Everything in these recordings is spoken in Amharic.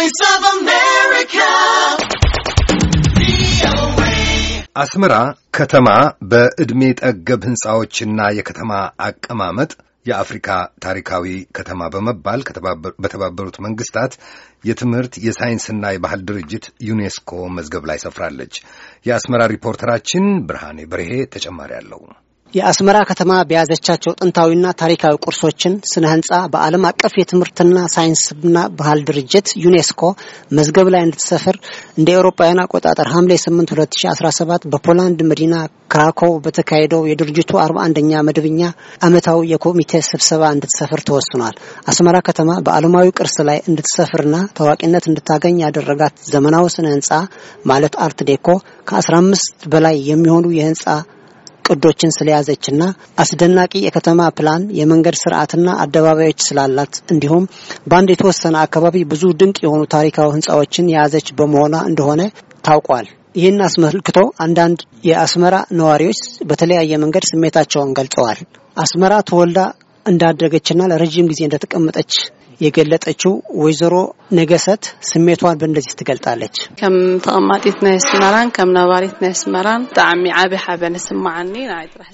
Voice of America. አስመራ ከተማ በዕድሜ ጠገብ ሕንፃዎችና የከተማ አቀማመጥ የአፍሪካ ታሪካዊ ከተማ በመባል በተባበሩት መንግስታት የትምህርት የሳይንስና የባህል ድርጅት ዩኔስኮ መዝገብ ላይ ሰፍራለች። የአስመራ ሪፖርተራችን ብርሃኔ በርሄ ተጨማሪ አለው። የአስመራ ከተማ በያዘቻቸው ጥንታዊና ታሪካዊ ቅርሶችን ስነ ህንፃ በዓለም አቀፍ የትምህርትና ሳይንስና ባህል ድርጅት ዩኔስኮ መዝገብ ላይ እንድትሰፍር እንደ ኤውሮፓውያን አቆጣጠር ሐምሌ 8 2017 በፖላንድ መዲና ክራኮ በተካሄደው የድርጅቱ 41ኛ መደበኛ ዓመታዊ የኮሚቴ ስብሰባ እንድትሰፍር ተወስኗል። አስመራ ከተማ በዓለማዊ ቅርስ ላይ እንድትሰፍርና ታዋቂነት እንድታገኝ ያደረጋት ዘመናዊ ስነ ህንፃ ማለት አርት ዴኮ ከ15 በላይ የሚሆኑ የህንፃ። እቅዶችን ስለያዘችና አስደናቂ የከተማ ፕላን የመንገድ ስርዓትና አደባባዮች ስላላት እንዲሁም በአንድ የተወሰነ አካባቢ ብዙ ድንቅ የሆኑ ታሪካዊ ህንፃዎችን የያዘች በመሆኗ እንደሆነ ታውቋል። ይህን አስመልክቶ አንዳንድ የአስመራ ነዋሪዎች በተለያየ መንገድ ስሜታቸውን ገልጸዋል። አስመራ ተወልዳ እንዳደገችና ለረዥም ጊዜ እንደተቀመጠች የገለጠችው ወይዘሮ ነገሰት ስሜቷን በእንደዚህ ትገልጣለች። ከም ተቀማጢት ናይ ኣስመራን ከም ነባሪት ናይ ኣስመራን ብጣዕሚ ዓብ ሓበን ስማዓኒ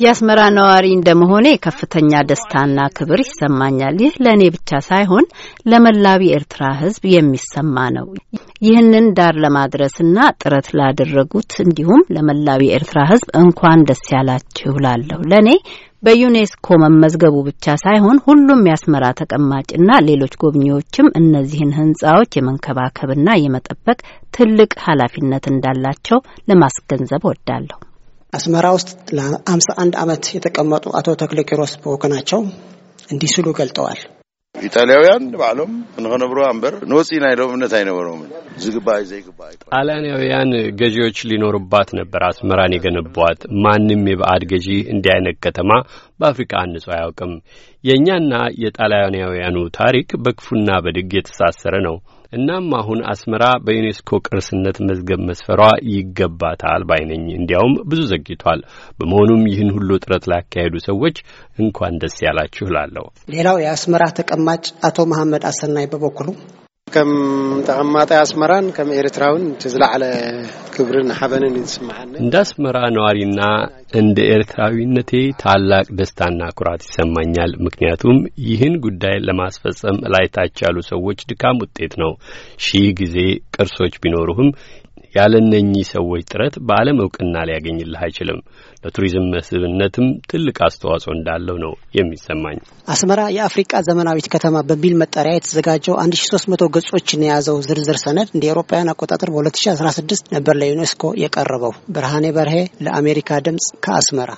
የአስመራ ነዋሪ እንደመሆኔ ከፍተኛ ደስታና ክብር ይሰማኛል። ይህ ለእኔ ብቻ ሳይሆን ለመላዊ ኤርትራ ሕዝብ የሚሰማ ነው። ይህንን ዳር ለማድረስና ጥረት ላደረጉት እንዲሁም ለመላዊ ኤርትራ ሕዝብ እንኳን ደስ ያላችሁ ላለሁ ለእኔ በዩኔስኮ መመዝገቡ ብቻ ሳይሆን ሁሉም የአስመራ ተቀማጭና ሌሎች ጎብኚዎችም እነዚህን ህንጻዎች የመንከባከብና የመጠበቅ ትልቅ ኃላፊነት እንዳላቸው ለማስገንዘብ ወዳለሁ። አስመራ ውስጥ ለአምሳ አንድ ዓመት የተቀመጡ አቶ ተክለ ኪሮስ በወገናቸው እንዲህ ሲሉ ገልጠዋል። ኢጣሊያውያን ባዕሎም ንኸነብሮ እምበር ንወፂ ናይ ሎም እምነት ኣይነበሮምን ዝግባእ ዘይግባእ ጣልያናውያን ገዢዎች ሊኖሩባት ነበር አስመራን የገነቧት። ማንም የበዓድ ገዢ እንዲህ አይነት ከተማ በአፍሪቃ አንጾ አያውቅም። የእኛና የጣልያናውያኑ ታሪክ በክፉና በድግ የተሳሰረ ነው። እናም አሁን አስመራ በዩኔስኮ ቅርስነት መዝገብ መስፈሯ ይገባታል ባይነኝ። እንዲያውም ብዙ ዘግይቷል። በመሆኑም ይህን ሁሉ ጥረት ላካሄዱ ሰዎች እንኳን ደስ ያላችሁ እላለሁ። ሌላው የአስመራ ተቀማጭ አቶ መሐመድ አሰናይ በበኩሉ ከም ተቐማጣ ኣስመራን ከም ኤርትራውን ዝለዕለ ክብርን ሓበንን እዩ ዝስምዓኒ እንደ ኣስመራ ነዋሪና እንደ ኤርትራዊነቴ ታላቅ ደስታና ኩራት ይሰማኛል። ምክንያቱም ይህን ጉዳይ ለማስፈጸም ላይታች ያሉ ሰዎች ድካም ውጤት ነው። ሺህ ጊዜ ቅርሶች ቢኖሩህም ያለነኚህ ሰዎች ጥረት በዓለም እውቅና ሊያገኝልህ አይችልም። ለቱሪዝም መስህብነትም ትልቅ አስተዋጽኦ እንዳለው ነው የሚሰማኝ። አስመራ የአፍሪቃ ዘመናዊት ከተማ በሚል መጠሪያ የተዘጋጀው 1300 ገጾችን የያዘው ዝርዝር ሰነድ እንደ ኤሮፓውያን አቆጣጠር በ2016 ነበር ለዩኔስኮ የቀረበው። ብርሃኔ በርሄ ለአሜሪካ ድምፅ ከአስመራ